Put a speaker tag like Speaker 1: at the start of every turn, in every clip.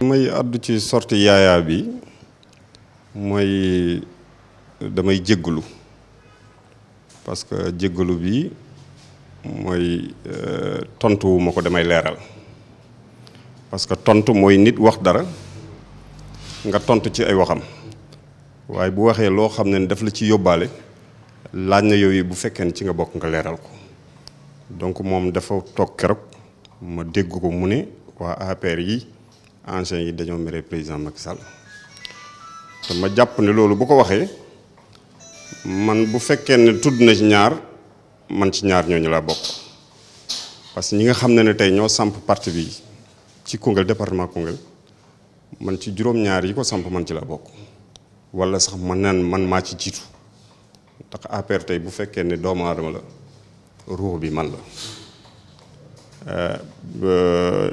Speaker 1: may àddu ci sorti yaayaa bi mooy damay jéggalu parce que jéggalu bi mooy euh, tontuwu ma ko damay leeral parce que tontu mooy nit wax dara nga tontu ci ay waxam waaye bu waxee loo xam ne daf la ci yóbbaale laaj na yooyu bu fekkee ne ci nga bokk nga leeral ko donc moom dafa toog keroog ma dégg ko mu ne waa APR yi ancien yi dañu méré président Macky ne lolu bu ko waxé man bu na ci ñaar man ci ñaar parce que ñi nga xamné né tay samp parti bi ci département man ci juroom ñaar yi ko samp man ci la bok wala sax man man ma ci APR bu ne doom la bi man la euh, euh,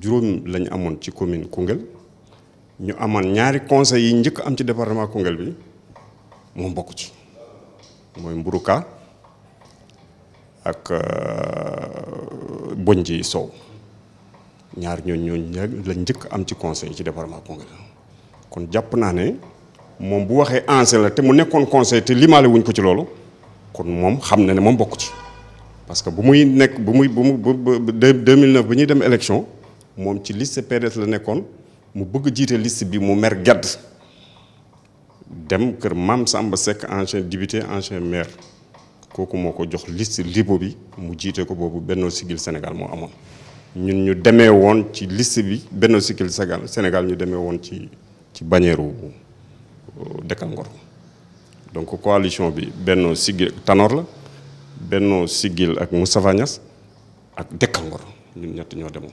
Speaker 1: juróom lañu amoon ci commune Koungheul ñu amoon ñaari conseil yi njëkk am ci département Koungheul bi moom bokk ci mooy mburu Mburuka ak boñ euh, Bonji soow ñaar ñooñ ñooñ lañ njëkk am ci conseil ci département Koungheul kon jàpp naa ne moom bu waxee ancien la te mu nekkoon conseil te limaale wuñ ko ci loolu kon moom xam na ne moom bokk ci parce que bu muy nekk bu muy bu mu bu 2009 bu ñuy dem élection mom ci liste PDS la nekkoon mu bëgg jité liste bi mu mer gedd dem kër mam Samba Seck ancien député ancien maire koku moko jox liste libo bi mu jité ko bobu Benno sigil Sénégal mo amone ñun ñu démé won ci liste bi Benno sigil Sénégal sénégal ñu démé won ci ci bannière euh, Dekkal Ngor donc coalition bi Benno sigil Tanor la Benno sigil ak Moustapha niass ak Dekkal Ngor ñun ñett ñoo demoon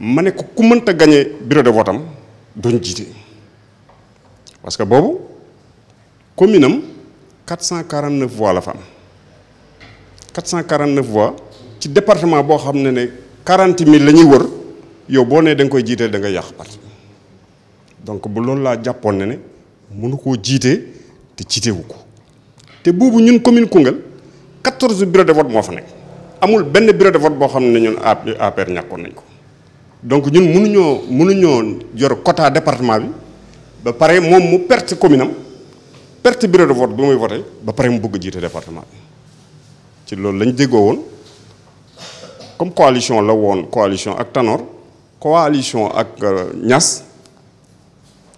Speaker 1: mané ko ku ta gagné bureau de vote am doon parce que bobu commune am 449 voix la fam 449 voix ci département bo xamné né 40000 lañuy wër yow bo né dang koy jité da nga yàq parti donc bu lool la japon né mënu ko jité té jiitewu wuko té bobu ñun commune kungal 14 bureau de vote mo fa amul benn bureau de vote boo xam ne ñun APR ñàkkoon nañ ko. donc ñun mënuñoo mënuñoo yor quota département bi ba paré mom mu perte commune am perte bureau de vote bu muy voté ba paré mu bëgg jité département ci loolu lañ déggoo comme coalition la won coalition ak Tanor coalition ak ñass euh,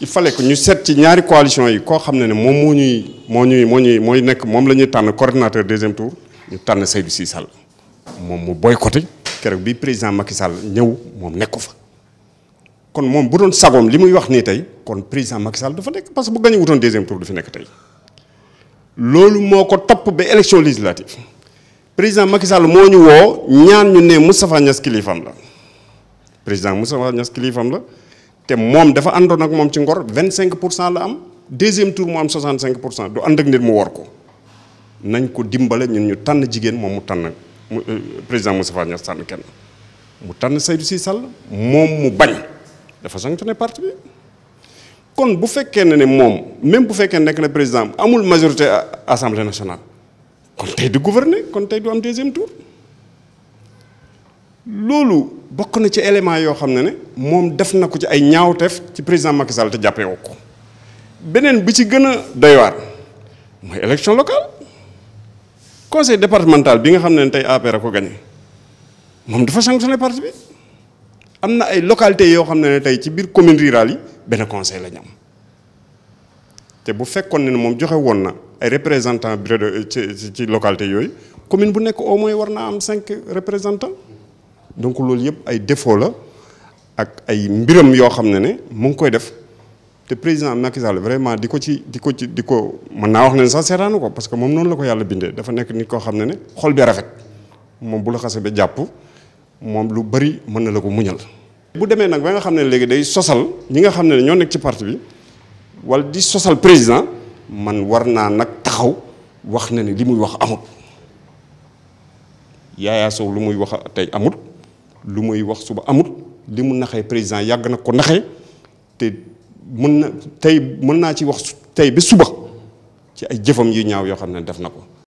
Speaker 1: il fallait que ñu sét ci ñaari coalition yi ko xamné ne ne moom ñuy mo ñuy mo ñuy moy nek mom lañuy ñuy coordinateur deuxième tour ñu tànn Seydou Sy Sall moom mu boycotter keroog bi président Macky ñëw moom nekku fa kon moom bu doon sagoom li muy wax nii tey kon président Macky dafa nekk parce que bu gañu wutoon deuxième tour du fi nekk tey loolu moo ko topp ba élection législative président Macky moo ñu woo ñaan ñu ne Moustapha Niass kilifaam la président Moustapha Niass kilifaam la te moom dafa àndoon ak moom ci ngor 25 pour cent la am deuxième tour mu am cinq pour cent du ànd ak nit mu wor ko nañ ko dimbale ñun ñu tànn jigéen moom mu tànn. Euh, président Moustapha Niasse tànn kenn mu tànn Seydou Sy Sall moom mu bañ dafa ne parti bi kon bu fekkee ne ne moom même bu fekkee nekk na président amul majorité assemblée nationale kon tey du gouverner kon tey du am deuxième tour loolu bokk na ci élément yoo xam ne ne moom def na ko ci ay ñaawteef ci président Macky Sall te jàppee woo ko beneen bi ci gën a doy waar mooy élection locale. conseil départemental bi nga xamné tay tey APR a ko gagné moom dafa sanctionné parti bi amna ay localités yo xamné tay ci bir commune rurale yi benn conseil la ñam té bu fekkone ne mom joxé woon na ay représentants bureau de ci ci localité yoy commune bu nek au moins warna am 5 représentants donc lool yépp ay défaut la ak ay mbiram yo xamné ne ne mu ngi koy def. te président Macky vraiment di ko ci di ko ci di ko mën naa wax ne sax seetaanu ko parce que moom noonu la ko yàlla bindee dafa nekk nit koo xam ne ne xol bi rafet moom bu la xasee ba jàpp moom lu bari mën na la ko muñal. bu demee nag ba nga xam ne léegi day sosal ñi nga xam ne ñoo nekk ci parti bi wala di sosal président man war naa nag taxaw wax na ne li muy wax amut Yaya Sow lu muy wax a tey amut lu muy wax suba amut li mu naxee président yàgg nag ko naxee te. mun na tey mën naa ci wax tey bi suba ci ay jëfam yu ñaaw yoo xam ne def na ko